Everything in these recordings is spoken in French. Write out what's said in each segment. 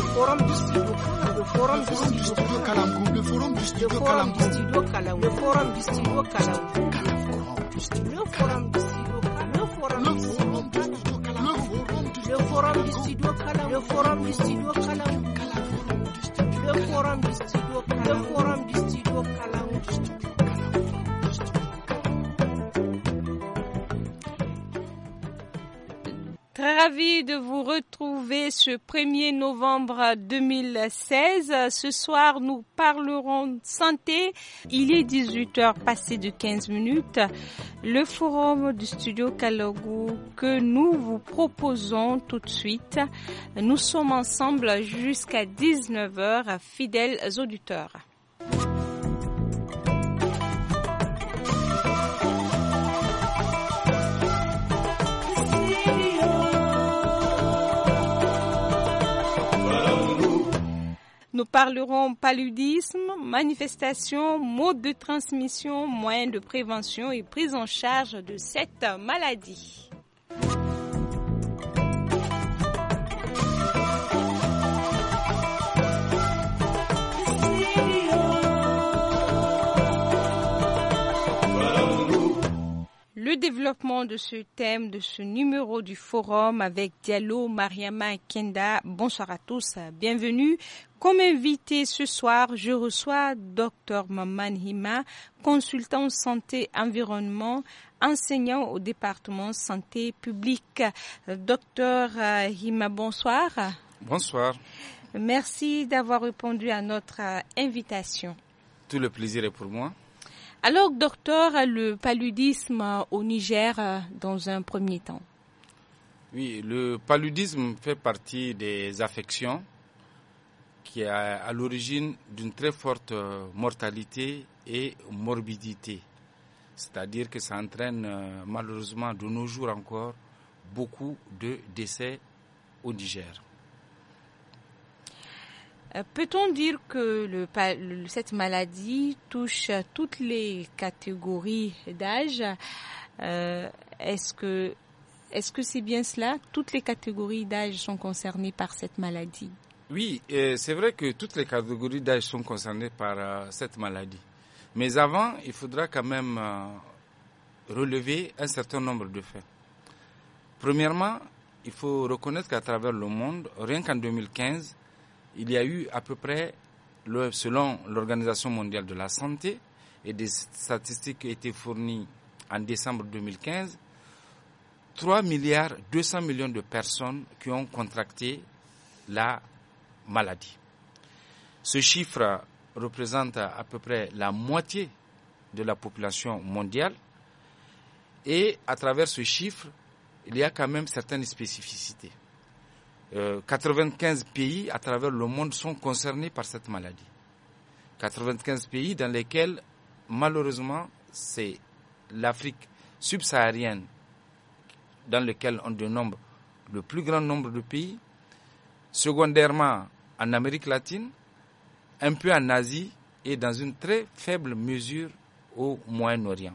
The forum du studio the forum the forum, studio Kalamkou the forum du studio Kalamkou le forum du studio Kalamkou le forum du studio Kalamkou le forum du studio Kalamkou le forum du studio Kalamkou le forum du studio Kalamkou le forum du studio Kalamkou le forum du studio Kalamkou ravi de vous retrouver ce 1er novembre 2016. Ce soir, nous parlerons santé. Il est 18h passé de 15 minutes. Le forum du studio Kalogu que nous vous proposons tout de suite. Nous sommes ensemble jusqu'à 19h, fidèles auditeurs. Nous parlerons paludisme, manifestations, modes de transmission, moyens de prévention et prise en charge de cette maladie. le développement de ce thème, de ce numéro du forum avec Diallo Mariama Kenda. Bonsoir à tous, bienvenue. Comme invité ce soir, je reçois Dr Maman Hima, consultant santé environnement, enseignant au département santé publique. Dr. Euh, Hima, bonsoir. Bonsoir. Merci d'avoir répondu à notre euh, invitation. Tout le plaisir est pour moi. Alors, docteur, le paludisme au Niger euh, dans un premier temps Oui, le paludisme fait partie des affections qui est à l'origine d'une très forte euh, mortalité et morbidité. C'est-à-dire que ça entraîne euh, malheureusement de nos jours encore beaucoup de décès au Niger. Euh, peut-on dire que cette maladie touche toutes les catégories d'âge euh, Est-ce que est-ce que c'est bien cela Toutes les catégories d'âge sont concernées par cette maladie Oui, euh, c'est vrai que toutes les catégories d'âge sont concernées par cette maladie. Mais avant, il faudra quand même relever un certain nombre de faits. Premièrement, il faut reconnaître qu'à travers le monde, rien qu'en 2015, il y a eu à peu près, selon l'Organisation mondiale de la santé et des statistiques qui ont été fournies en décembre 2015, 3 milliards 200 millions de personnes qui ont contracté la maladie. Ce chiffre représente à peu près la moitié de la population mondiale et à travers ce chiffre, il y a quand même certaines spécificités. 95 euh, pays à travers le monde sont concernés par cette maladie. 95 pays dans lesquels, malheureusement, c'est l'Afrique subsaharienne dans laquelle on dénombre le plus grand nombre de pays, secondairement en Amérique latine, un peu en Asie et dans une très faible mesure au Moyen-Orient.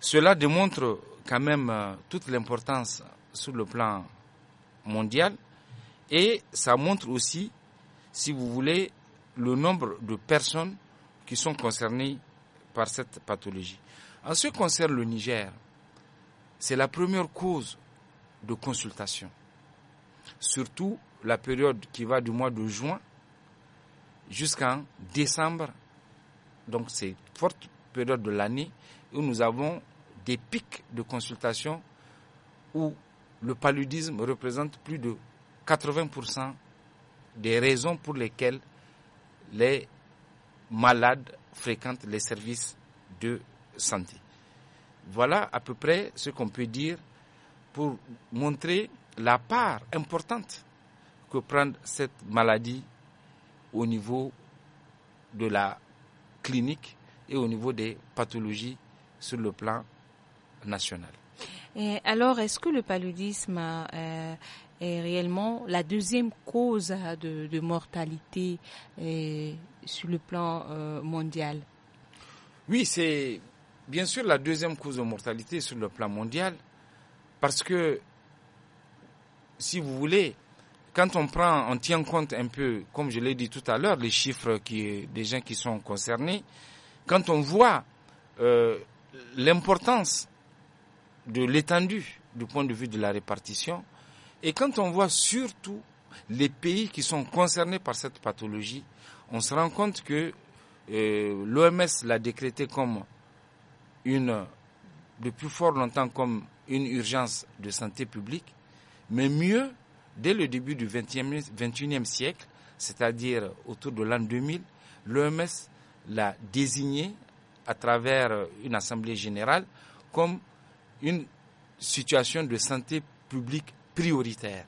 Cela démontre quand même euh, toute l'importance sur le plan mondiale. Et ça montre aussi, si vous voulez, le nombre de personnes qui sont concernées par cette pathologie. En ce qui concerne le Niger, c'est la première cause de consultation. Surtout la période qui va du mois de juin jusqu'en décembre. Donc c'est une forte période de l'année où nous avons des pics de consultation où le paludisme représente plus de 80% des raisons pour lesquelles les malades fréquentent les services de santé. Voilà à peu près ce qu'on peut dire pour montrer la part importante que prend cette maladie au niveau de la clinique et au niveau des pathologies sur le plan national alors, est-ce que le paludisme euh, est réellement la deuxième cause de, mortalité euh, sur le plan euh, mondial Oui, c'est bien sûr la deuxième cause de mortalité sur le plan mondial, parce que, si vous voulez, quand on prend, on tient compte un peu, comme je l'ai dit tout à l'heure, les chiffres qui, des gens qui sont concernés, quand on voit l'importance de l'étendue du point de vue de la répartition. Et quand on voit surtout les pays qui sont concernés par cette pathologie, on se rend compte que euh, l'OMS l'a décrété comme une, depuis fort longtemps comme une urgence de santé publique, mais mieux, dès le début du XXIe 21e siècle, c'est-à-dire autour de l'an 2000, l'OMS l'a désigné à travers une assemblée générale comme une situation de santé publique prioritaire.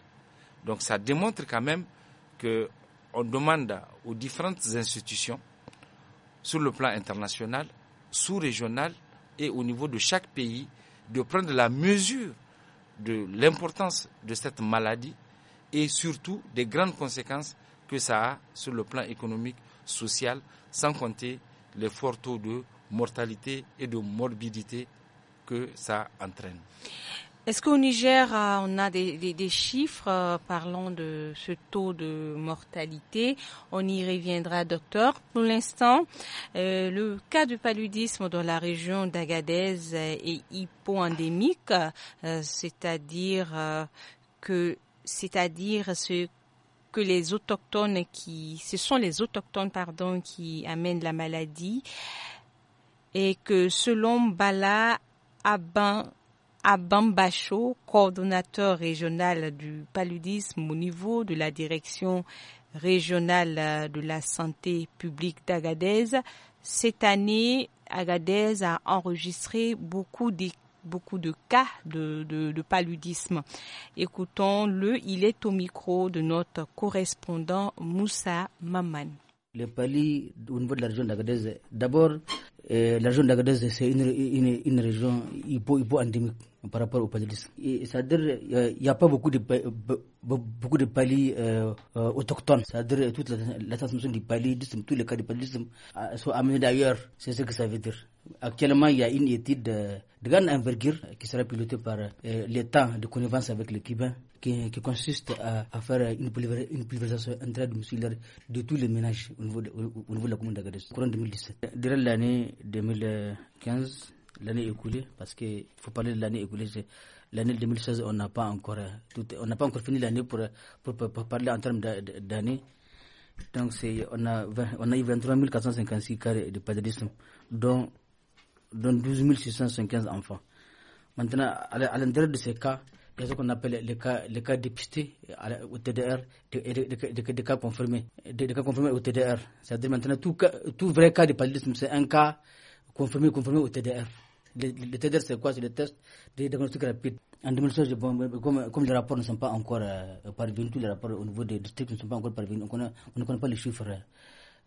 Donc ça démontre quand même qu'on demande aux différentes institutions, sur le plan international, sous-régional et au niveau de chaque pays, de prendre la mesure de l'importance de cette maladie et surtout des grandes conséquences que ça a sur le plan économique, social, sans compter les forts taux de mortalité et de morbidité ça entraîne. Est-ce qu'au Niger, ah, on a des, chiffres euh, parlant de ce taux de mortalité On y reviendra, docteur. Pour l'instant, euh, le cas du paludisme dans la région d'Agadez est hypo-endémique, euh, c'est-à-dire que que les autochtones qui ce sont les autochtones pardon qui amènent la maladie et que selon Bala Aban, Abambacho, Bacho, coordonnateur régional du paludisme au niveau de la direction régionale de la santé publique d'Agadez. Cette année, Agadez a enregistré beaucoup de, beaucoup de cas de, de, paludisme. Écoutons-le, il est au micro de notre correspondant Moussa Maman. Le palis au niveau de la région d'Agadez, d'abord, eh, la région d'Agadez, c'est une, une, une, région hypo-endémique par rapport au paludisme. C'est-à-dire euh, il n'y a, pas beaucoup de, beaucoup de palis euh, euh, autochtones. C'est-à-dire toute la, la transmission du paludisme, tous les cas de paludisme sont amenés d'ailleurs. C'est ce que ça veut dire. Actuellement, il y a une étude de grande envergure qui sera pilotée par euh, l'État de connivence avec le Cubain qui, qui, consiste à, à faire une, une pulvérisation intradomiciliaire de tous les ménages au niveau de, au, niveau de la commune d'Agadez, courant 2017. Durant l'année 2015, l'année écoulée, parce qu'il faut parler de l'année écoulée, l'année 2016, on n'a pas encore euh, tout, on n'a pas encore fini l'année pour, pour, parler en termes d'année. Donc on a, on a eu 23 456 carrés de paludisme, dont dont 12 615 enfants. Maintenant, à l'intérieur de ces cas, il y a ce qu'on appelle les cas, les cas dépistés au TDR, des, cas confirmés, des, cas confirmés au TDR. C'est-à-dire maintenant, tout, vrai cas de paludisme, c'est un cas confirmé, confirmé au TDR. Le, TDR, c'est quoi C'est le test de diagnostic rapide. En 2016, comme, comme, les rapports ne sont pas encore euh, parvenus, tous les rapports au niveau des districts ne sont pas encore parvenus, on, ne connaît pas les chiffres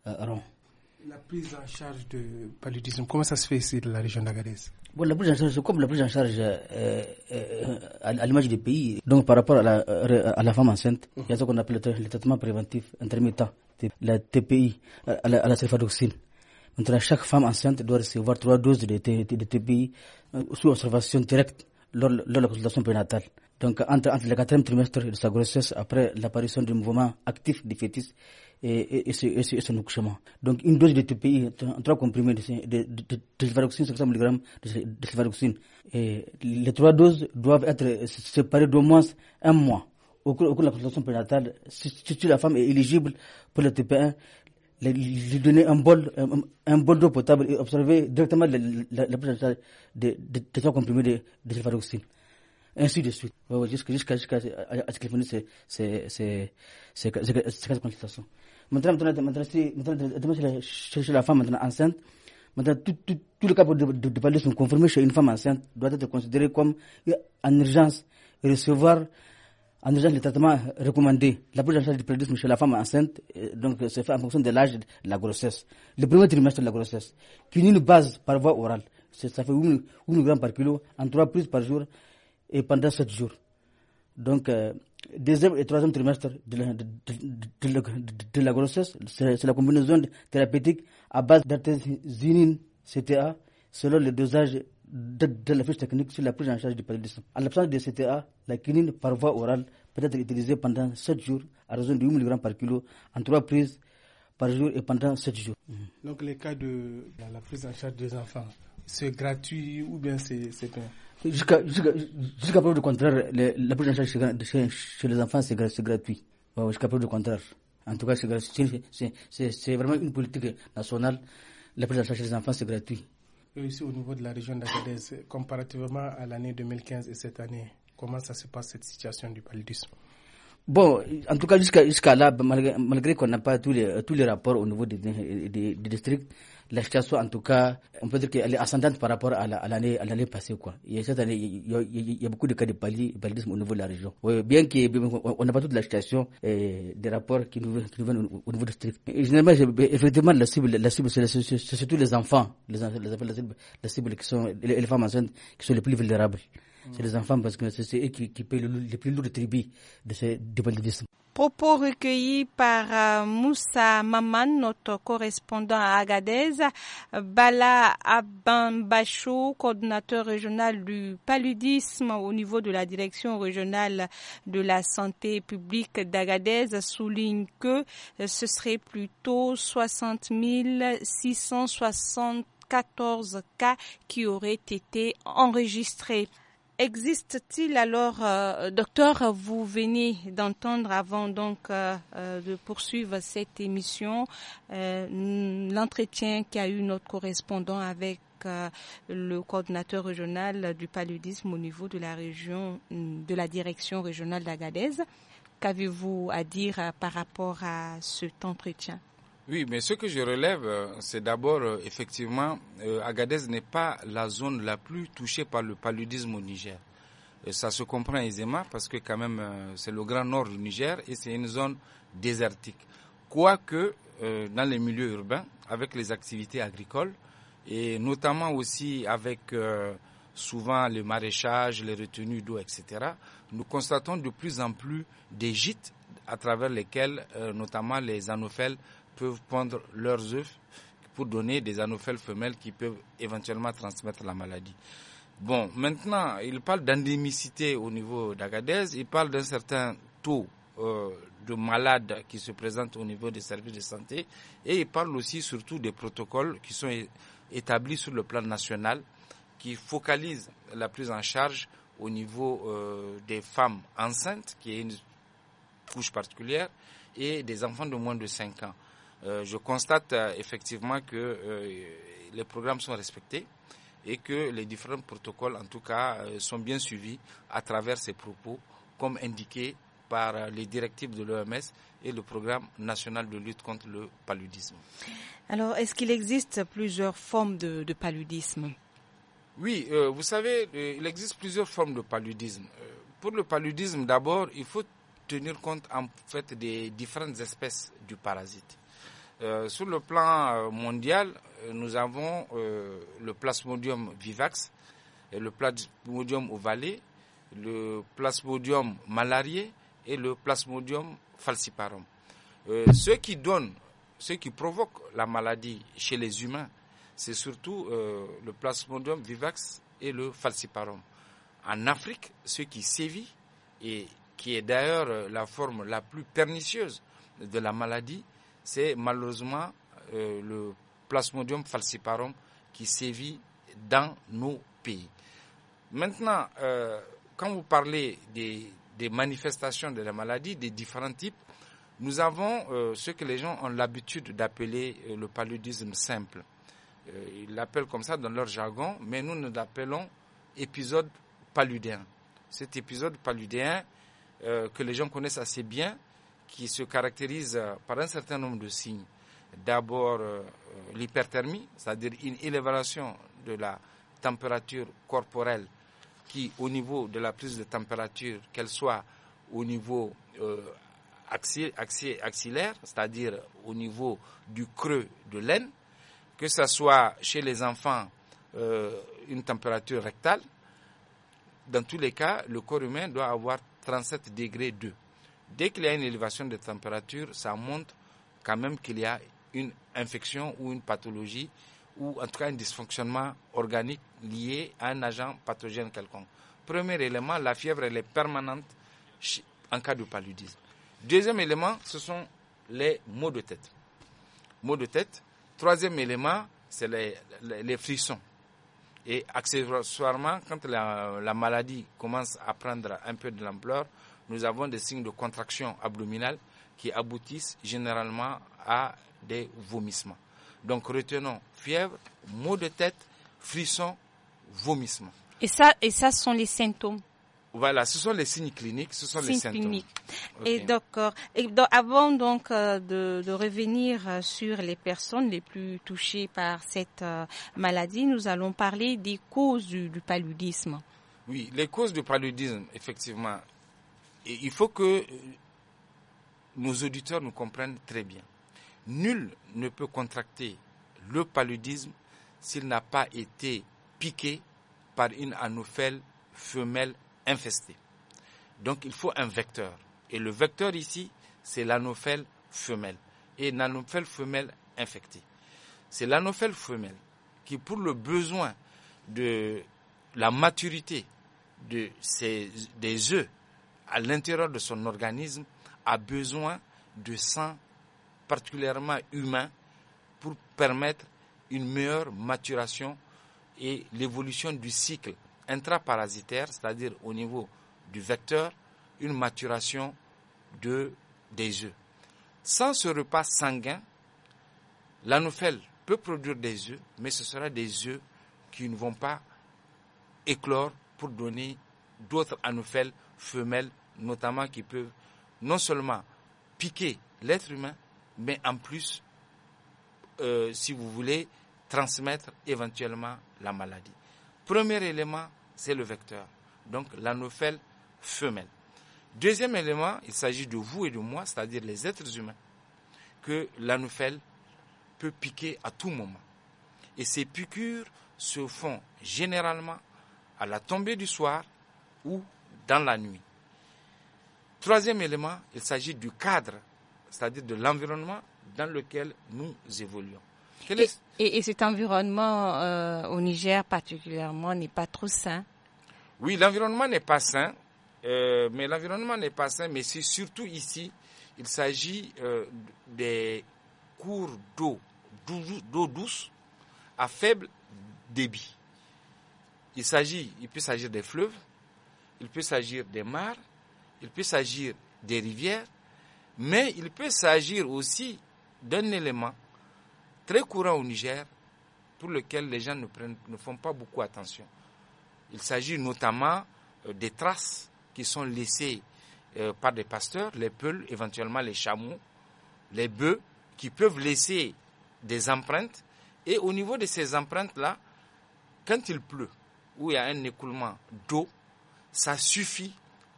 euh, ronds. La prise en charge de paludisme, comment ça se fait ici dans la région d'Agadez bon, La prise en charge, comme la prise en charge euh, euh, euh, à l'image des pays, donc par rapport à la, femme enceinte, il y a ce qu'on appelle le, traitement préventif intermittent, la TPI, à la, à la chaque femme enceinte doit recevoir trois doses de, TPI sous observation directe lors, de la consultation prénatale. Donc, entre, entre le quatrième trimestre de sa grossesse, après l'apparition du mouvement actif du fœtus et, et, et, son accouchement. Donc une dose de TPI, trois comprimés de, de, de, 500 mg de, trivaloxyne. Et les trois doses doivent être séparées d'au moins un mois. Au cours, de la consultation prénatale, si, la femme est éligible pour le tp lui donner un bol, un, bol d'eau potable et observer directement la, la, de, de, trois comprimés de, de ainsi de suite. Jusqu'à ce qu'elle finisse ces consultations. Maintenant, maintenant, chez la femme enceinte, maintenant, tous le cas de, de, de chez une femme enceinte doit être considéré comme euh, en urgence et recevoir en urgence les traitements recommandés. La prise en charge du chez la femme enceinte euh, donc, euh, se fait en fonction de l'âge de la grossesse. Le premier trimestre de la grossesse, qui n'est une base par voie orale, ça fait 1 gramme par kilo en 3 prises par jour et pendant 7 jours. Donc, deuxième et troisième trimestre de la, grossesse. C'est la combinaison thérapeutique à base d'artésinine CTA selon le dosage de, la fiche technique sur la prise en charge du paludisme. En l'absence de CTA, la quinine par voie orale peut être utilisée pendant 7 jours à raison de 8 mg par kilo en 3 prises par jour et pendant 7 jours. Donc les cas de la prise en charge des enfants, c'est gratuit ou bien c'est jusqu'à jusqu'à preuve du contraire, la prise en chez, les enfants, c'est gratuit. jusqu'à preuve du contraire. En tout cas, c'est vraiment une politique nationale. La prise en chez les enfants, c'est gratuit. Ici, au niveau de la région d'Agadez, comparativement à l'année 2015 et cette année, comment ça se passe cette situation du paludisme Bon, en tout cas, jusqu'à là, malgré, malgré qu'on n'a pas tous les, tous les rapports au niveau des, des districts, l'efficacité, en tout cas, on peut dire qu'elle est ascendante par rapport à l'année passée. Quoi. Il, y a, il, y a, beaucoup de cas de paludisme au niveau de la région. bien qu'on n'a pas toute la situation des rapports qui nous, qui viennent au, niveau de district. généralement, ben, effectivement, la cible, la cible c'est surtout les enfants, les, les, qui les femmes enceintes qui sont les plus vulnérables c'est les enfants parce que c'est eux qui, les plus lourds tribus de ce Propos recueillis par euh, Moussa Maman, notre correspondant à Agadez, Bala Abambachou, coordinateur régional du paludisme au niveau de la direction régionale de la santé publique d'Agadez, souligne que ce serait plutôt 60 cas qui auraient été enregistrés. Existe-t-il alors, euh, docteur, vous venez d'entendre avant donc euh, euh, de poursuivre cette émission l'entretien qu'a eu notre correspondant avec le coordinateur régional du paludisme au niveau de la région de la direction régionale d'Agadez. Qu'avez-vous à dire par rapport à cet entretien oui, mais ce que je relève, euh, c'est d'abord, euh, effectivement, euh, Agadez n'est pas la zone la plus touchée par le paludisme au Niger. ça se comprend aisément parce que quand même, c'est le grand nord du Niger et c'est une zone désertique. Quoique, dans les milieux urbains, avec les activités agricoles et notamment aussi avec souvent le maraîchage, les retenues d'eau, etc., nous constatons de plus en plus des gîtes à travers lesquels, notamment les anophèles, peuvent prendre leurs œufs pour donner des anophèles femelles qui peuvent éventuellement transmettre la maladie. Bon, maintenant, il parle d'endémicité au niveau d'Agadez, il parle d'un certain taux euh, de malades qui se présentent au niveau des services de santé et il parle aussi surtout des protocoles qui sont établis sur le plan national qui focalisent la prise en charge au niveau euh, des femmes enceintes, qui est une couche particulière, et des enfants de moins de 5 ans. Euh, je constate euh, effectivement que euh, les programmes sont respectés et que les différents protocoles, en tout cas, sont bien suivis à travers ces propos, comme indiqué par les directives de l'OMS et le programme national de lutte contre le paludisme. Alors, est-ce qu'il existe plusieurs formes de, paludisme Oui, vous savez, il existe plusieurs formes de paludisme. Pour le paludisme, d'abord, il faut tenir compte en fait des différentes espèces du parasite. Euh, sur le plan euh, mondial, euh, nous avons le plasmodium vivax, et le plasmodium ovale, le plasmodium malarié et le plasmodium falciparum. qui donne, ce qui provoque la maladie chez les humains, c'est surtout le plasmodium vivax et le falciparum. En Afrique, ce qui sévit et qui est d'ailleurs la forme la plus pernicieuse de la maladie, c'est malheureusement euh, le Plasmodium falciparum qui sévit dans nos pays. Maintenant, euh, quand vous parlez des, manifestations de la maladie, des différents types, nous avons euh, ce que les gens ont l'habitude d'appeler le paludisme simple. ils l'appellent comme ça dans leur jargon, mais nous nous l'appelons épisode paludéen. Cet épisode paludéen que les gens connaissent assez bien, qui se caractérise par un certain nombre de signes. D'abord euh, l'hyperthermie, c'est-à-dire une élévation de la température corporelle qui, au niveau de la prise de température, qu'elle soit au niveau euh, axillaire, c'est-à-dire au niveau du creux de l'aine, que ce soit chez les enfants euh, une température rectale, dans tous les cas, le corps humain doit avoir 37 degrés 2. Dès qu'il y a une élévation de température, ça montre quand même qu'il y a une infection ou une pathologie ou en tout cas un dysfonctionnement organique lié à un agent pathogène quelconque. Premier élément, la fièvre est permanente en cas de paludisme. Deuxième élément, ce sont les maux de tête. Maux de tête. Troisième élément, c'est les, frissons. Et accessoirement, quand la maladie commence à prendre un peu de l'ampleur, nous avons des signes de contraction abdominale qui aboutissent généralement à des vomissements. Donc retenons fièvre, maux de tête, frissons, vomissements. Et ça, et ça sont les symptômes. Voilà, ce sont les signes cliniques, ce sont les symptômes. Et, d'accord. avant donc euh, de, revenir euh, sur les personnes les plus touchées par cette euh, maladie, nous allons parler des causes du paludisme. Oui, les causes du paludisme, effectivement, il faut que euh, nos auditeurs nous comprennent très bien. Nul ne peut contracter le paludisme s'il n'a pas été piqué par une anophèle femelle infestée. Donc il faut un vecteur. Et le vecteur ici, c'est l'anophèle femelle et l'anophèle femelle infectée. C'est l'anophèle femelle qui, pour le besoin de la maturité de des œufs à l'intérieur de son organisme, a besoin de sang particulièrement humain pour permettre une meilleure maturation et l'évolution du cycle intraparasitaire, c'est-à-dire au niveau du vecteur, une maturation de, des œufs. Sans ce repas sanguin, l'anophèle peut produire des œufs, mais ce sera des œufs qui ne vont pas éclore pour donner d'autres anophèles femelles notamment qui peuvent non seulement piquer l'être humain, mais en plus, euh, si vous voulez, transmettre éventuellement la maladie. Premier élément, c'est le vecteur, donc l'anophèle femelle. Deuxième élément, il s'agit de vous et de moi, c'est-à-dire les êtres humains, que l'anophèle peut piquer à tout moment. Et ces piqûres se font généralement à la tombée du soir ou dans la nuit. Troisième élément, il s'agit du cadre, c'est-à-dire de l'environnement dans lequel nous évoluons. et, cet environnement euh, au Niger particulièrement n'est pas trop sain Oui, l'environnement n'est pas sain, euh, mais l'environnement n'est pas sain, mais c'est surtout ici, il s'agit euh, des cours d'eau, d'eau douce à faible débit. Il il peut s'agir des fleuves, il peut s'agir des mares, il peut s'agir des rivières, mais il peut s'agir aussi d'un élément très courant au Niger pour lequel les gens ne, ne font pas beaucoup attention. Il s'agit notamment euh, des traces qui sont laissées euh, par des pasteurs, les peules, éventuellement les chameaux, les bœufs, qui peuvent laisser des empreintes. Et au niveau de ces empreintes-là, quand il pleut ou il y a un écoulement d'eau, ça suffit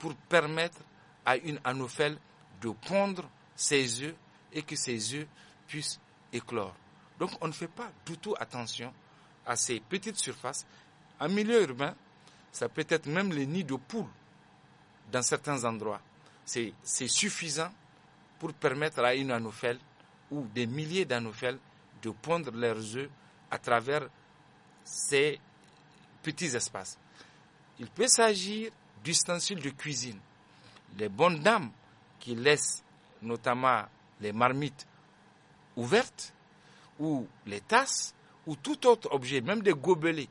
pour permettre à une anophèle de pondre ses œufs et que ses œufs puissent éclore. Donc on ne fait pas du tout attention à ces petites surfaces. En milieu urbain, ça peut être même les nids de poules dans certains endroits. C'est suffisant pour permettre à une anophèle ou des milliers d'anophèles de pondre leurs œufs à travers ces petits espaces. Il peut s'agir d'ustensiles de cuisine. Les bonnes dames qui laissent notamment les marmites ouvertes ou les tasses ou tout autre objet, même des gobelets,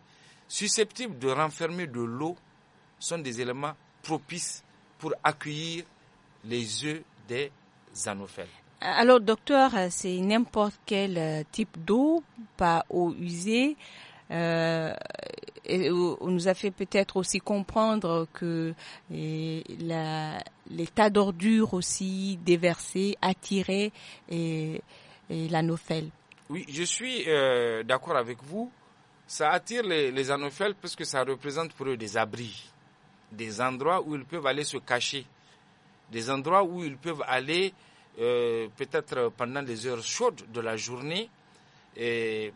susceptibles de renfermer de l'eau, sont des éléments propices pour accueillir les œufs des anophèles. Alors, docteur, c'est n'importe quel euh, type d'eau, pas eau usée. Euh, on nous a fait peut-être aussi comprendre que l'état d'ordure aussi déversé attirait et, et l'anophèle. Oui, je suis euh, d'accord avec vous. Ça attire les, anophèles parce que ça représente pour eux des abris, des endroits où ils peuvent aller se cacher, des endroits où ils peuvent aller euh, peut-être pendant les heures chaudes de la journée et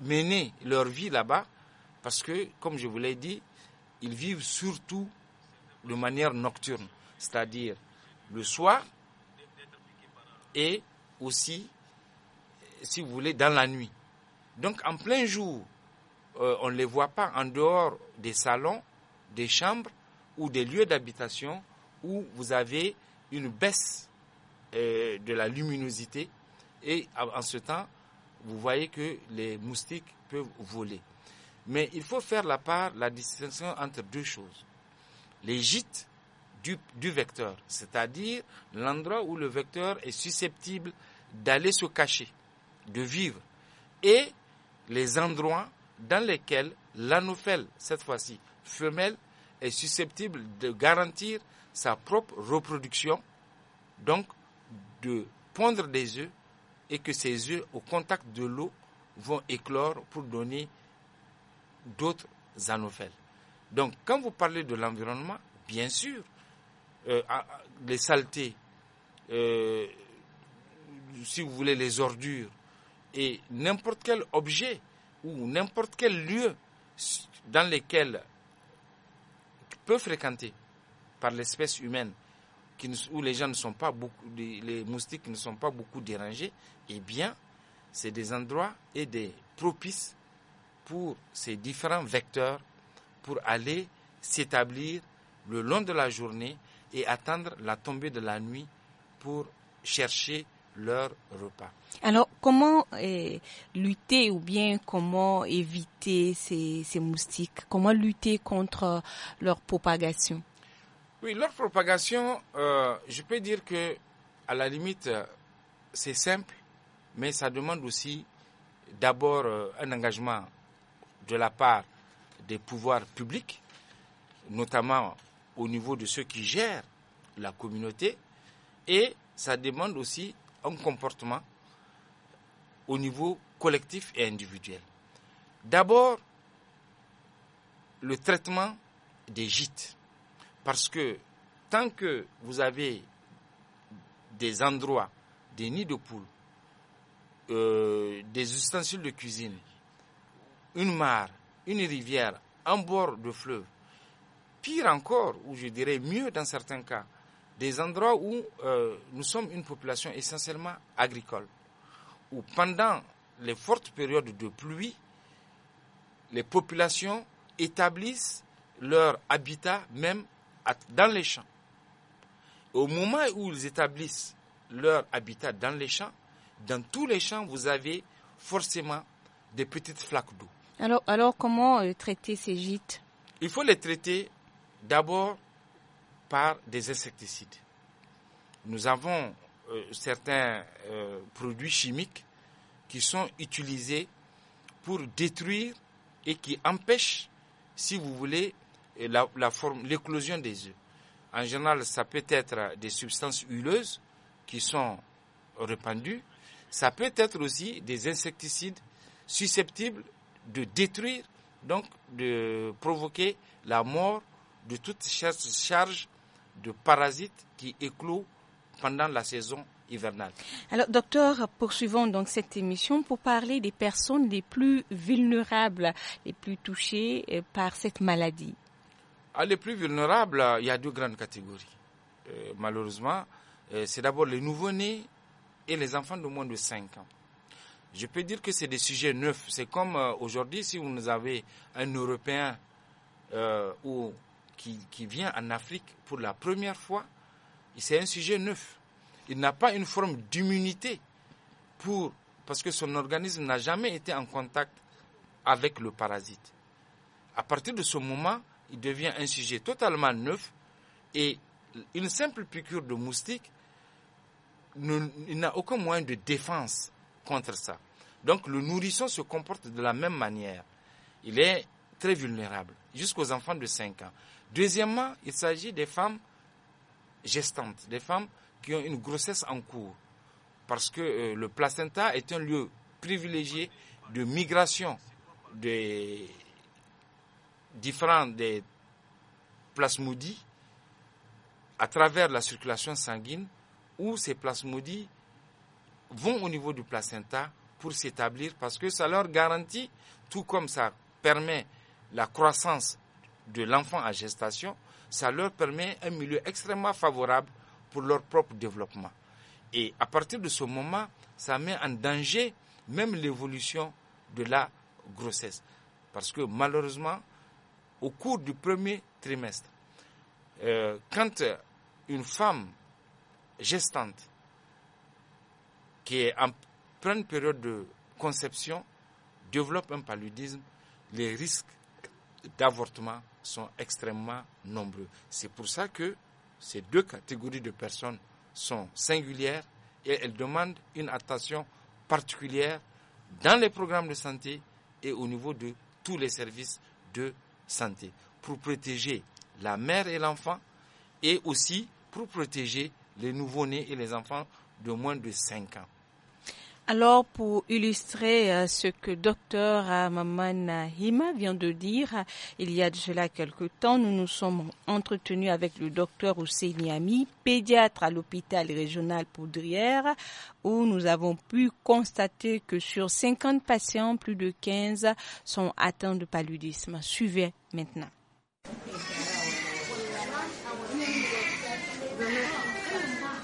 mener leur vie là-bas parce que, comme je vous l'ai dit, ils vivent surtout de manière nocturne, c'est-à-dire le soir et aussi, euh, si vous voulez, dans la nuit. Donc en plein jour, euh, on ne les voit pas en dehors des salons, des chambres ou des lieux d'habitation où vous avez une baisse euh, de la luminosité et en ce temps, vous voyez que les moustiques peuvent voler. Mais il faut faire la part, la distinction entre deux choses. Les gîtes du, vecteur, c'est-à-dire l'endroit où le vecteur est susceptible d'aller se cacher, de vivre, et les endroits dans lesquels l'anophèle, cette fois-ci, femelle, est susceptible de garantir sa propre reproduction, donc de pondre des œufs et que ces œufs, au contact de l'eau, vont éclore pour donner d'autres anophèles. Donc, quand vous parlez de l'environnement, bien sûr, euh, les saletés, euh, si vous voulez, les ordures, et n'importe quel objet ou n'importe quel lieu dans lequel peu fréquenter par l'espèce humaine, où les gens ne sont pas beaucoup, les moustiques ne sont pas beaucoup dérangés, eh bien, c'est des endroits et des propices pour ces différents vecteurs pour aller s'établir le long de la journée et attendre la tombée de la nuit pour chercher leur repas. Alors, comment euh, lutter ou bien comment éviter ces, moustiques Comment lutter contre leur propagation Oui, leur propagation, euh, je peux dire que, à la limite, euh, c'est simple, mais ça demande aussi d'abord un engagement de la part des pouvoirs publics, notamment au niveau de ceux qui gèrent la communauté, et ça demande aussi un comportement au niveau collectif et individuel. D'abord, le traitement des gîtes, parce que tant que vous avez des endroits, des nids de poules, euh, des ustensiles de cuisine, une mare, une rivière, un bord de fleuve. Pire encore, ou je dirais mieux dans certains cas, des endroits où euh, nous sommes une population essentiellement agricole, où pendant les fortes périodes de pluie, les populations établissent leur habitat même dans les champs. Au moment où ils établissent leur habitat dans les champs, dans tous les champs, vous avez forcément des petites flaques d'eau. Alors, comment euh, traiter ces gîtes Il faut les traiter d'abord par des insecticides. Nous avons euh, certains euh, produits chimiques qui sont utilisés pour détruire et qui empêchent, si vous voulez, la forme, l'éclosion des œufs. En général, ça peut être des substances huileuses qui sont répandues. Ça peut être aussi des insecticides susceptibles de détruire, donc de provoquer la mort de toute charge de parasites qui éclosent pendant la saison hivernale. Alors, docteur, poursuivons donc cette émission pour parler des personnes les plus vulnérables, les plus touchées euh, par cette maladie. Ah, les plus vulnérables, il y a deux grandes catégories. Euh, malheureusement, euh, c'est d'abord les nouveau-nés et les enfants de moins de 5 ans. Je peux dire que c'est des sujets neufs. C'est comme euh, aujourd'hui, si vous avez un Européen euh, ou, qui, vient en Afrique pour la première fois, c'est un sujet neuf. Il n'a pas une forme d'immunité pour, parce que son organisme n'a jamais été en contact avec le parasite. À partir de ce moment, il devient un sujet totalement neuf et une simple piqûre de moustique, n'a aucun moyen de défense contre ça. Donc le nourrisson se comporte de la même manière. Il est très vulnérable, jusqu'aux enfants de 5 ans. Deuxièmement, il s'agit des femmes gestantes, des femmes qui ont une grossesse en cours, parce que euh, le placenta est un lieu privilégié de migration des différents des plasmodies à travers la circulation sanguine où ces plasmodies vont au niveau du placenta pour s'établir parce que ça leur garantit, tout comme ça permet la croissance de l'enfant à gestation, ça leur permet un milieu extrêmement favorable pour leur propre développement. Et à partir de ce moment, ça met en danger même l'évolution de la grossesse. Parce que malheureusement, au cours du premier trimestre, euh, quand une femme gestante qui est en pleine période de conception, développe un paludisme, les risques d'avortement sont extrêmement nombreux. C'est pour ça que ces deux catégories de personnes sont singulières et elles demandent une attention particulière dans les programmes de santé et au niveau de tous les services de santé pour protéger la mère et l'enfant et aussi pour protéger les nouveau-nés et les enfants de moins de 5 ans. Alors, pour illustrer euh, ce que docteur euh, Maman Hima vient de dire, il y a de cela quelque temps, nous nous sommes entretenus avec le docteur Ousseini Niami, pédiatre à l'hôpital régional Poudrière, où nous avons pu constater que sur 50 patients, plus de 15 sont atteints de paludisme. Suivez maintenant.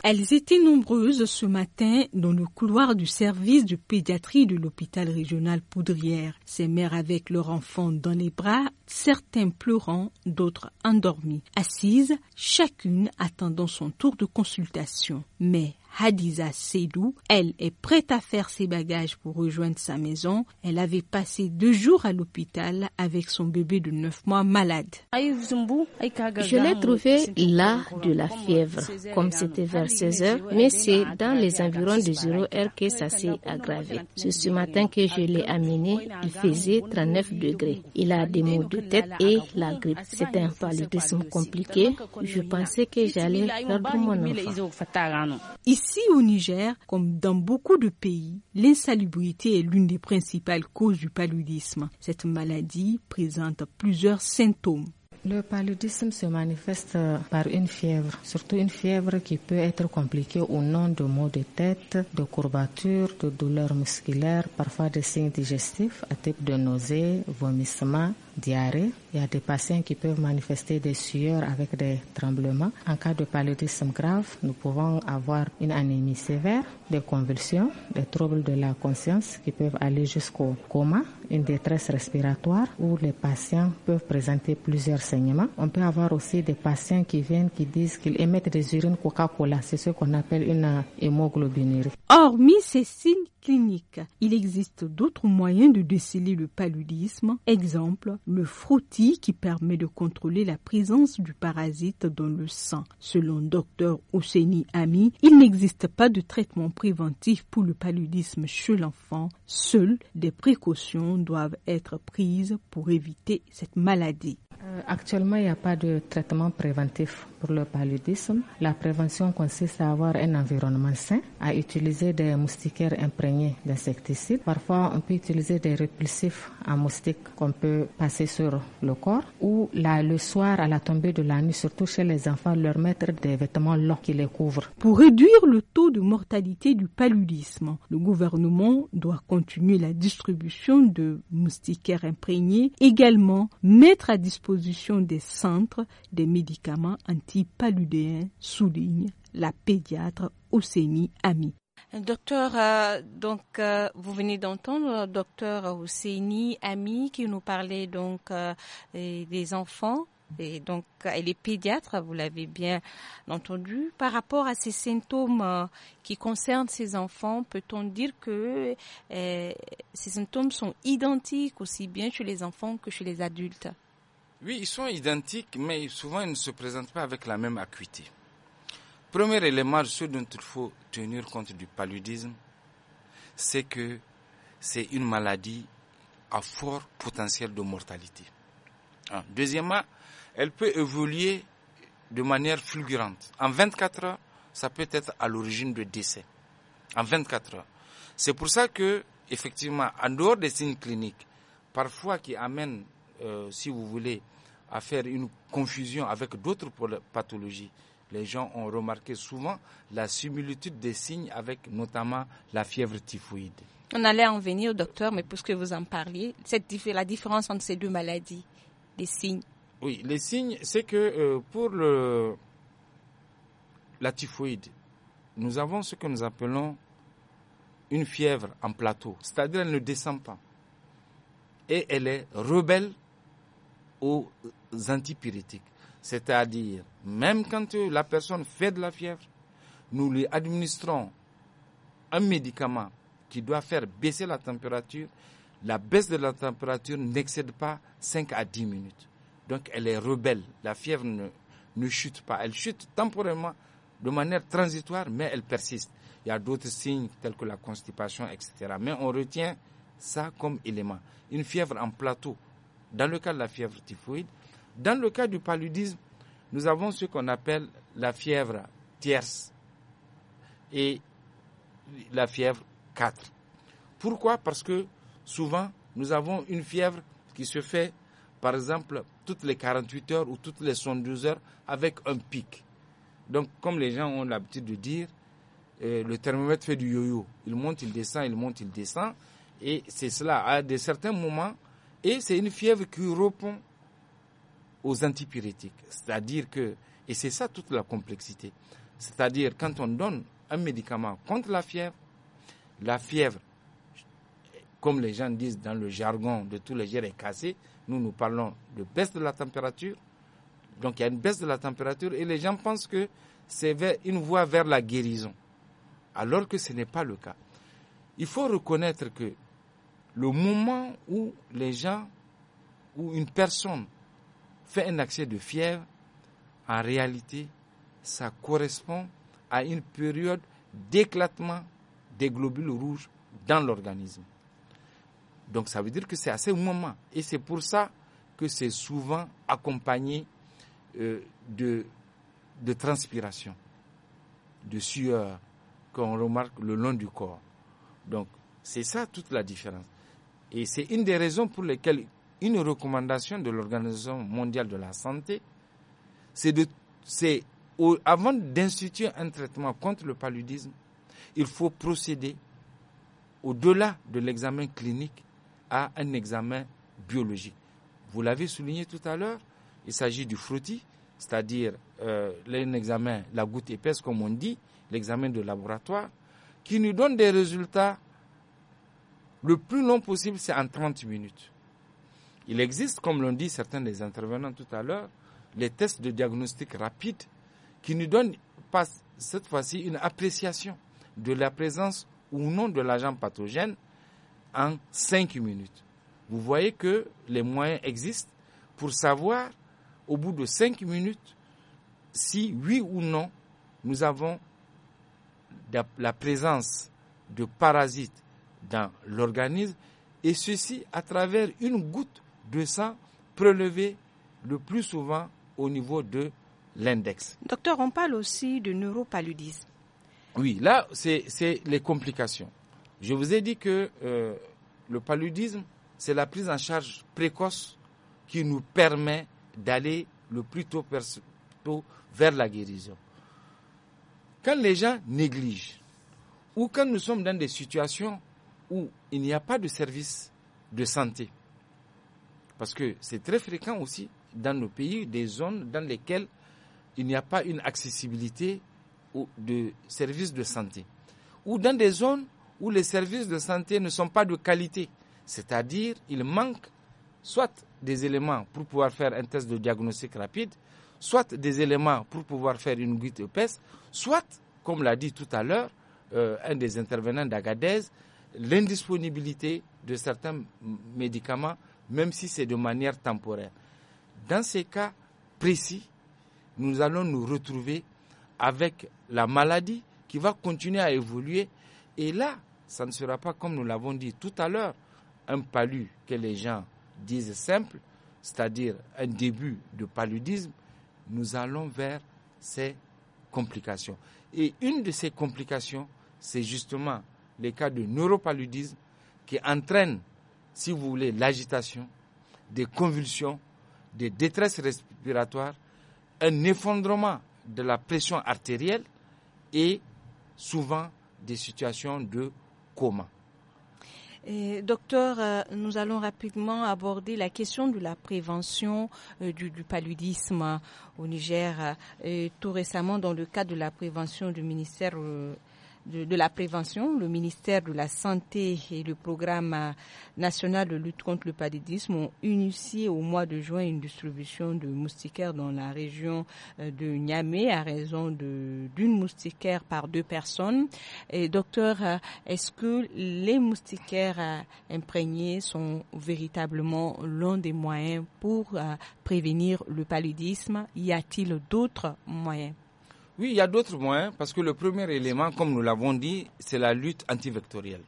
Elles étaient nombreuses ce matin dans le couloir du service de pédiatrie de l'hôpital régional Poudrière. Ces mères avec leur enfants dans les bras, certains pleurant, d'autres endormis, assises, chacune attendant son tour de consultation. Mais Hadiza Sedou. Elle est prête à faire ses bagages pour rejoindre sa maison. Elle avait passé deux jours à l'hôpital avec son bébé de 9 mois malade. Je l'ai trouvé là de la fièvre, comme c'était vers 16 heures, mais c'est dans les environs de 0 h que ça s'est aggravé. C'est ce matin que je l'ai amené, il faisait 39 degrés. Il a des maux de tête et la hein. grippe. C'est un paludisme compliqué. Je hein. pensais que j'allais perdre mon enfant. Ici au Niger, comme dans beaucoup de pays, l'insalubrité est l'une des principales causes du paludisme. Cette maladie présente plusieurs symptômes. Le paludisme se manifeste euh, par une fièvre, surtout une fièvre qui peut être compliquée au nom de maux de tête, de courbatures, de douleurs musculaires, parfois des signes digestifs à type de nausées, vomissements, diarrhée. Il y a des patients qui peuvent manifester des sueurs avec des tremblements. En cas de paludisme grave, nous pouvons avoir une anémie sévère, des convulsions, des troubles de la conscience qui peuvent aller jusqu'au coma, une détresse respiratoire où les patients peuvent présenter plusieurs saignements. On peut avoir aussi des patients qui viennent qui disent qu'ils émettent des urines Coca-Cola. C'est ce qu'on appelle une hémoglobinurie. Hormis ces signes cliniques, il existe d'autres moyens de déceler le paludisme. Exemple, le frottis qui permet de contrôler la présence du parasite dans le sang. Selon docteur Ousseni Ami, il n'existe pas de traitement préventif pour le paludisme chez l'enfant. Seules des précautions doivent être prises pour éviter cette maladie. Euh, actuellement, il n'y a pas de traitement préventif pour le paludisme. La prévention consiste à avoir un environnement sain, à utiliser des moustiquaires imprégnés d'insecticides. Parfois, on peut utiliser des répulsifs à moustiques qu'on peut passer sur le corps ou la, le soir, à la tombée de la nuit, surtout chez les enfants, leur mettre des vêtements longs qui les couvrent. Pour réduire le taux de mortalité du paludisme, le gouvernement doit continuer la distribution de moustiquaires imprégnés, également mettre à disposition des centres des médicaments antipaludéens, souligne la pédiatre Ouseni Ami. Docteur, euh, donc euh, vous venez d'entendre euh, docteur Ouseni Ami qui nous parlait donc des enfants et donc elle est pédiatre, vous l'avez bien entendu. Par rapport à ces symptômes qui concernent ces enfants, peut-on dire que ces symptômes sont identiques aussi bien chez les enfants que chez les adultes oui, ils sont identiques, mais souvent ils ne se présentent pas avec la même acuité. Premier élément, ce dont il faut tenir compte du paludisme, c'est que c'est une maladie à fort potentiel de mortalité. Hein? Deuxièmement, elle peut évoluer de manière fulgurante. En 24 heures, ça peut être à l'origine de décès. En 24 heures. C'est pour ça que, effectivement, en dehors des signes cliniques, parfois qui amènent euh, si vous voulez, à faire une confusion avec d'autres pathologies. Les gens ont remarqué souvent la similitude des signes avec notamment la fièvre typhoïde. On allait en venir, au docteur, mais puisque vous en parliez, la différence entre ces deux maladies, les signes. Oui, les signes, c'est que euh, pour la typhoïde, nous avons ce que nous appelons une fièvre en plateau, c'est-à-dire elle ne descend pas. Et elle est rebelle aux antipyrétiques. C'est-à-dire, même quand la personne fait de la fièvre, nous lui administrons un médicament qui doit faire baisser la température. La baisse de la température n'excède pas 5 à 10 minutes. Donc elle est rebelle. La fièvre ne, ne chute pas. Elle chute temporairement, de manière transitoire, mais elle persiste. Il y a d'autres signes tels que la constipation, etc. Mais on retient ça comme élément. Une fièvre en plateau, dans le cas de la fièvre typhoïde. Dans le cas du paludisme, nous avons ce qu'on appelle la fièvre tierce et la fièvre 4. Pourquoi Parce que souvent, nous avons une fièvre qui se fait, par exemple, toutes les 48 heures ou toutes les 72 heures avec un pic. Donc, comme les gens ont l'habitude de dire, euh, le thermomètre fait du yo-yo. Il monte, il descend, il monte, il descend. Et c'est cela. À des certains moments, et c'est une fièvre qui répond aux antipyrétiques. C'est-à-dire que, et c'est ça toute la complexité, c'est-à-dire quand on donne un médicament contre la fièvre, la fièvre, comme les gens disent dans le jargon de tous les gènes, est cassée. Nous, nous parlons de baisse de la température. Donc il y a une baisse de la température et les gens pensent que c'est une voie vers la guérison, alors que ce n'est pas le cas. Il faut reconnaître que le moment où les gens, où une personne fait un accès de fièvre, en réalité, ça correspond à une période d'éclatement des globules rouges dans l'organisme. Donc ça veut dire que c'est à ce moment. Et c'est pour ça que c'est souvent accompagné euh, de, de transpiration, de sueur qu'on remarque le long du corps. Donc c'est ça toute la différence. Et c'est une des raisons pour lesquelles une recommandation de l'Organisation mondiale de la santé, c'est c'est avant d'instituer un traitement contre le paludisme, il faut procéder au-delà de l'examen clinique à un examen biologique. Vous l'avez souligné tout à l'heure, il s'agit du frottis, c'est-à-dire l'examen, euh, la goutte épaisse comme on dit, l'examen de laboratoire, qui nous donne des résultats le plus long possible, c'est en 30 minutes. Il existe, comme l'ont dit certains des intervenants tout à l'heure, les tests de diagnostic rapide qui nous donnent pas cette fois-ci une appréciation de la présence ou non de l'agent pathogène en 5 minutes. Vous voyez que les moyens existent pour savoir au bout de 5 minutes si oui ou non nous avons la présence de parasites dans l'organisme, et ceci à travers une goutte de sang prélevée le plus souvent au niveau de l'index. Docteur, on parle aussi de neuropaludisme. Oui, là, c'est les complications. Je vous ai dit que euh, le paludisme, c'est la prise en charge précoce qui nous permet d'aller le plus tôt vers la guérison. Quand les gens négligent, ou quand nous sommes dans des situations où il n'y a pas de service de santé. Parce que c'est très fréquent aussi dans nos pays des zones dans lesquelles il n'y a pas une accessibilité de services de santé. Ou dans des zones où les services de santé ne sont pas de qualité. C'est-à-dire, il manque soit des éléments pour pouvoir faire un test de diagnostic rapide, soit des éléments pour pouvoir faire une guite épaisse, soit, comme l'a dit tout à l'heure euh, un des intervenants d'Agadez, l'indisponibilité de certains médicaments, même si c'est de manière temporaire. Dans ces cas précis, nous allons nous retrouver avec la maladie qui va continuer à évoluer. Et là, ça ne sera pas comme nous l'avons dit tout à l'heure, un palu que les gens disent simple, c'est-à-dire un début de paludisme. Nous allons vers ces complications. Et une de ces complications, c'est justement les cas de neuropaludisme qui entraînent, si vous voulez, l'agitation, des convulsions, des détresses respiratoires, un effondrement de la pression artérielle et souvent des situations de coma. Et, docteur, euh, nous allons rapidement aborder la question de la prévention euh, du, paludisme au Niger. Euh, tout récemment, dans le cadre de la prévention du ministère de, la prévention, le ministère de la Santé et le programme national de lutte contre le paludisme ont initié au mois de juin une distribution de moustiquaires dans la région euh, de Niamey à raison d'une moustiquaire par deux personnes. Et docteur, euh, est-ce que les moustiquaires euh, imprégnés sont véritablement l'un des moyens pour prévenir le paludisme Y a-t-il d'autres moyens oui, il y a d'autres moyens, parce que le premier élément, comme nous l'avons dit, c'est la lutte antivectorielle.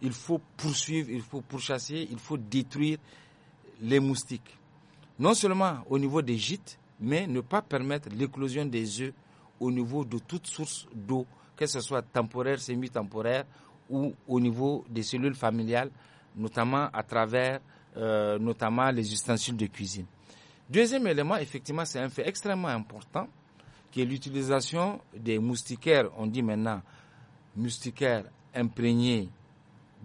Il faut poursuivre, il faut pourchasser, il faut détruire les moustiques. Non seulement au niveau des gîtes, mais ne pas permettre l'éclosion des œufs au niveau de toute source d'eau, que ce soit temporaire, semi-temporaire ou au niveau des cellules familiales, notamment à travers euh, notamment les ustensiles de cuisine. Deuxième élément, effectivement, c'est un fait extrêmement important, qui est l'utilisation des moustiquaires, on dit maintenant moustiquaires imprégnés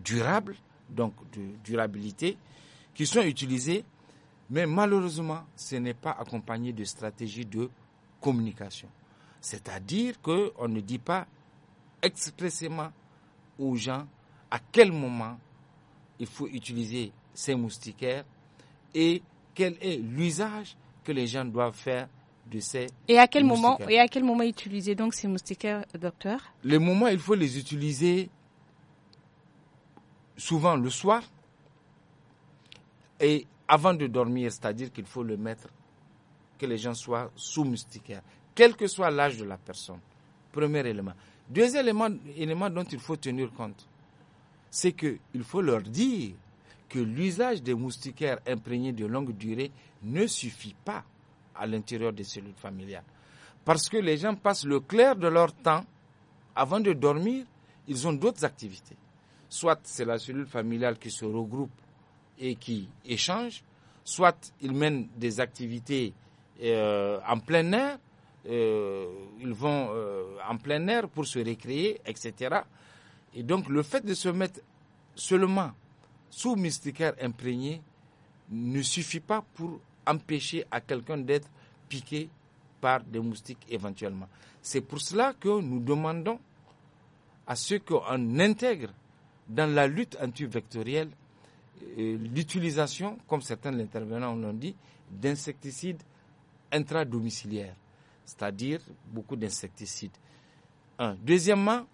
durables, donc de durabilité, qui sont utilisés, mais malheureusement, ce n'est pas accompagné de stratégies de communication. C'est-à-dire qu'on ne dit pas expressément aux gens à quel moment il faut utiliser ces moustiquaires et quel est l'usage que les gens doivent faire et à quel moment et à quel moment utiliser donc ces moustiquaires, docteur Les moments, il faut les utiliser souvent le soir et avant de dormir, c'est-à-dire qu'il faut le mettre que les gens soient sous moustiquaires. quel que soit l'âge de la personne. Premier élément. Deuxième élément, élément dont il faut tenir compte, c'est qu'il faut leur dire que l'usage des moustiquaires imprégnés de longue durée ne suffit pas à l'intérieur des cellules familiales. Parce que les gens passent le clair de leur temps, avant de dormir, ils ont d'autres activités. Soit c'est la cellule familiale qui se regroupe et qui échange, soit ils mènent des activités euh, en plein air, euh, ils vont euh, en plein air pour se récréer, etc. Et donc le fait de se mettre seulement sous mysticaire imprégné ne suffit pas pour empêcher à quelqu'un d'être piqué par des moustiques éventuellement. C'est pour cela que nous demandons à ce qu'on intègre dans la lutte antivectorielle vectorielle euh, l'utilisation, comme certains intervenants l'ont dit, d'insecticides intradomiciliaires, c'est-à-dire beaucoup d'insecticides. Deuxièmement,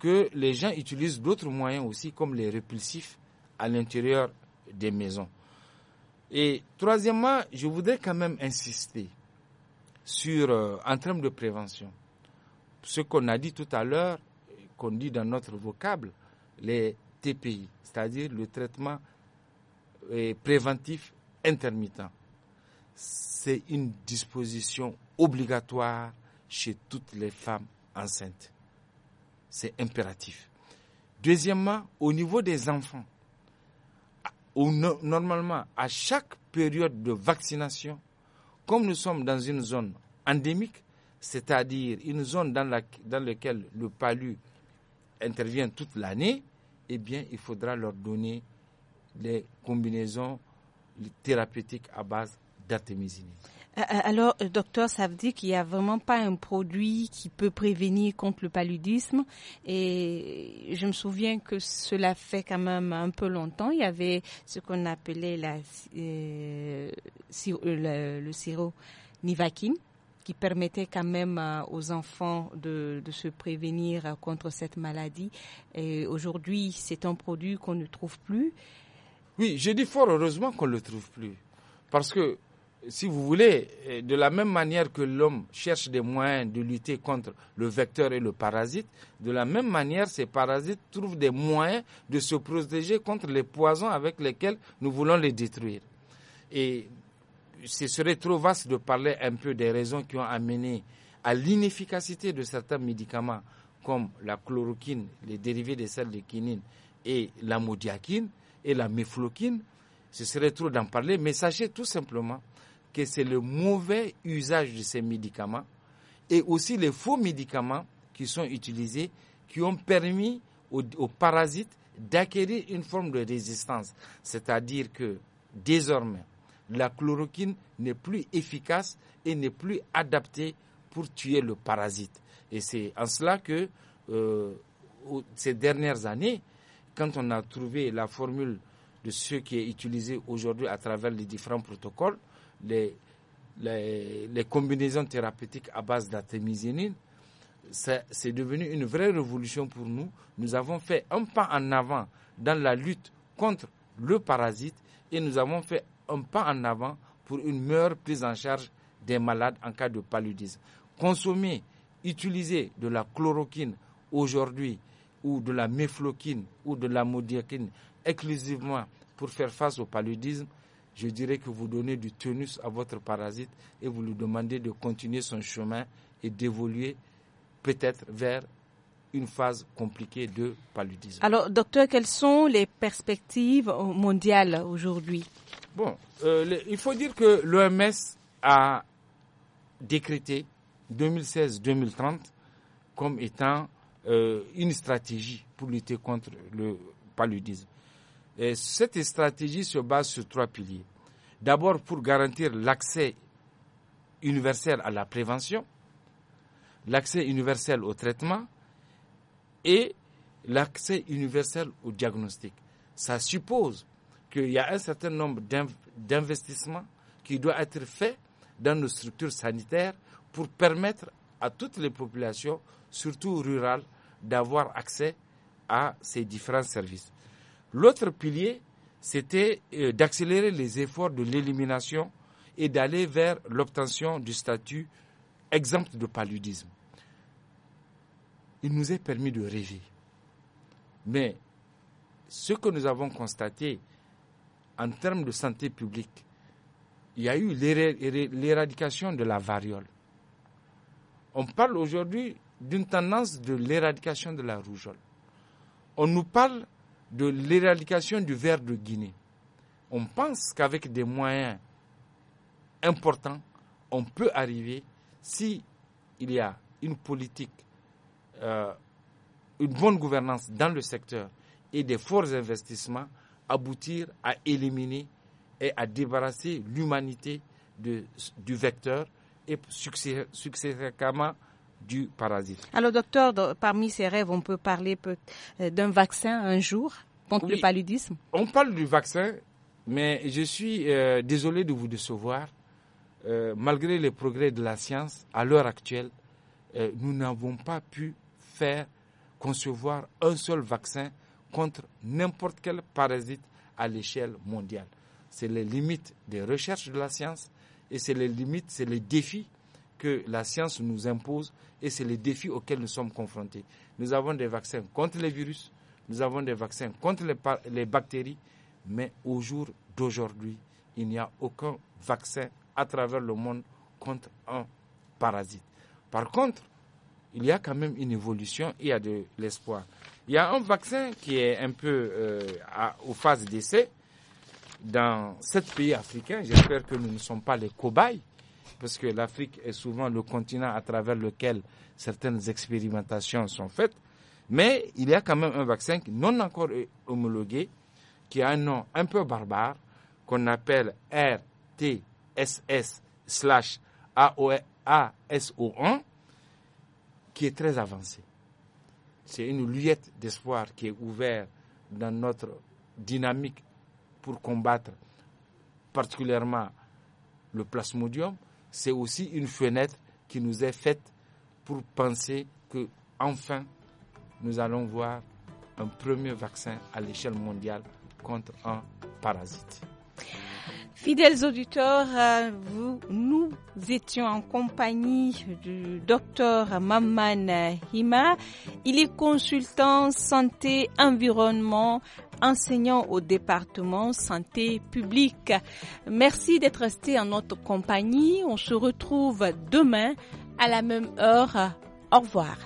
que les gens utilisent d'autres moyens aussi, comme les répulsifs à l'intérieur des maisons. Et troisièmement, je voudrais quand même insister sur, euh, en termes de prévention, ce qu'on a dit tout à l'heure, qu'on dit dans notre vocable, les TPI, c'est-à-dire le traitement euh, préventif intermittent. C'est une disposition obligatoire chez toutes les femmes enceintes. C'est impératif. Deuxièmement, au niveau des enfants, où normalement, à chaque période de vaccination, comme nous sommes dans une zone endémique, c'est-à-dire une zone dans, laquelle le palu intervient toute l'année, eh bien, il faudra leur donner les combinaisons thérapeutiques à base d'artémisinine. Euh, euh, alors, euh, docteur, ça veut dire qu'il n'y a vraiment pas un produit qui peut prévenir contre le paludisme. Et je me souviens que cela fait quand même un peu longtemps. Il y avait ce qu'on appelait la, le, sirop Nivakin, qui permettait quand même aux enfants de, se prévenir contre cette maladie. Et aujourd'hui, c'est un produit qu'on ne trouve plus. Oui, j'ai dit fort heureusement qu'on ne le trouve plus. Parce que si vous voulez, euh, de la même manière que l'homme cherche des moyens de lutter contre le vecteur et le parasite, de la même manière, ces parasites trouvent des moyens de se protéger contre les poisons avec lesquels nous voulons les détruire. Et ce serait trop vaste de parler un peu des raisons qui ont amené à l'inefficacité de certains médicaments comme la chloroquine, les dérivés des sels de quinine et la et la mefloquine. Ce serait trop d'en parler, mais sachez tout simplement que c'est le mauvais usage de ces médicaments et aussi les faux médicaments qui sont utilisés qui ont permis aux, parasites d'acquérir une forme de résistance. C'est-à-dire que désormais, la chloroquine n'est plus efficace et n'est plus adaptée pour tuer le parasite. Et c'est en cela que euh, ces dernières années, quand on a trouvé la formule de ce qui est utilisé aujourd'hui à travers les différents protocoles, les, les, combinaisons thérapeutiques à base d'artémisinine, c'est devenu une vraie révolution pour nous. Nous avons fait un pas en avant dans la lutte contre le parasite et nous avons fait un pas en avant pour une meilleure prise en charge des malades en cas de paludisme. Consommer, utiliser de la chloroquine aujourd'hui ou de la méfloquine ou de la modiaquine exclusivement pour faire face au paludisme, je dirais que vous donnez du tenus à votre parasite et vous lui demandez de continuer son chemin et d'évoluer peut-être vers une phase compliquée de paludisme. Alors, docteur, quelles sont les perspectives mondiales aujourd'hui Bon, euh, il faut dire que l'OMS a décrété 2016-2030 comme étant euh, une stratégie pour lutter contre le paludisme cette stratégie se base sur trois piliers. D'abord, pour garantir l'accès universel à la prévention, l'accès universel au traitement et l'accès universel au diagnostic. Ça suppose qu'il y a un certain nombre d'investissements qui doivent être faits dans nos structures sanitaires pour permettre à toutes les populations, surtout rurales, d'avoir accès à ces différents services. L'autre pilier, c'était euh, d'accélérer les efforts de l'élimination et d'aller vers l'obtention du statut exempt de paludisme. Il nous est permis de rêver. Mais ce que nous avons constaté en termes de santé publique, il y a eu l'éradication de la variole. On parle aujourd'hui d'une tendance de l'éradication de la rougeole. On nous parle de l'éradication du ver de Guinée, on pense qu'avec des moyens importants, on peut arriver si il y a une politique, euh, une bonne gouvernance dans le secteur et des forts investissements, aboutir à éliminer et à débarrasser l'humanité du vecteur et successivement du parasite. Alors docteur, parmi ces rêves, on peut parler euh, d'un vaccin un jour contre le paludisme On parle du vaccin, mais je suis euh, désolé de vous décevoir. Euh, malgré les progrès de la science, à l'heure actuelle, nous n'avons pas pu faire concevoir un seul vaccin contre n'importe quel parasite à l'échelle mondiale. C'est les limites des recherches de la science et c'est les limites, c'est les défis la science nous impose et c'est le défi auxquels nous sommes confrontés. Nous avons des vaccins contre les virus, nous avons des vaccins contre les, bactéries, mais au jour d'aujourd'hui, il n'y a aucun vaccin à travers le monde contre un parasite. Par contre, il y a quand même une évolution, il y a de l'espoir. Il y a un vaccin qui est un peu euh, phase aux phases d'essai dans sept pays africains. J'espère que nous ne sommes pas les cobayes parce que l'Afrique est souvent le continent à travers lequel certaines expérimentations sont faites. Mais il y a quand même un vaccin qui non encore homologué, qui a un nom un peu barbare, qu'on appelle RTSS ASO1, qui est très avancé. C'est une luette d'espoir qui est ouverte dans notre dynamique pour combattre particulièrement le plasmodium, c'est aussi une fenêtre qui nous est faite pour penser que enfin nous allons voir un premier vaccin à l'échelle mondiale contre un parasite. Fidèles auditeurs, euh, nous étions en compagnie du docteur Mamman Hima. Il est consultant santé environnement, enseignant au département santé publique. Merci d'être resté en notre compagnie. On se retrouve demain à la même heure. Au revoir.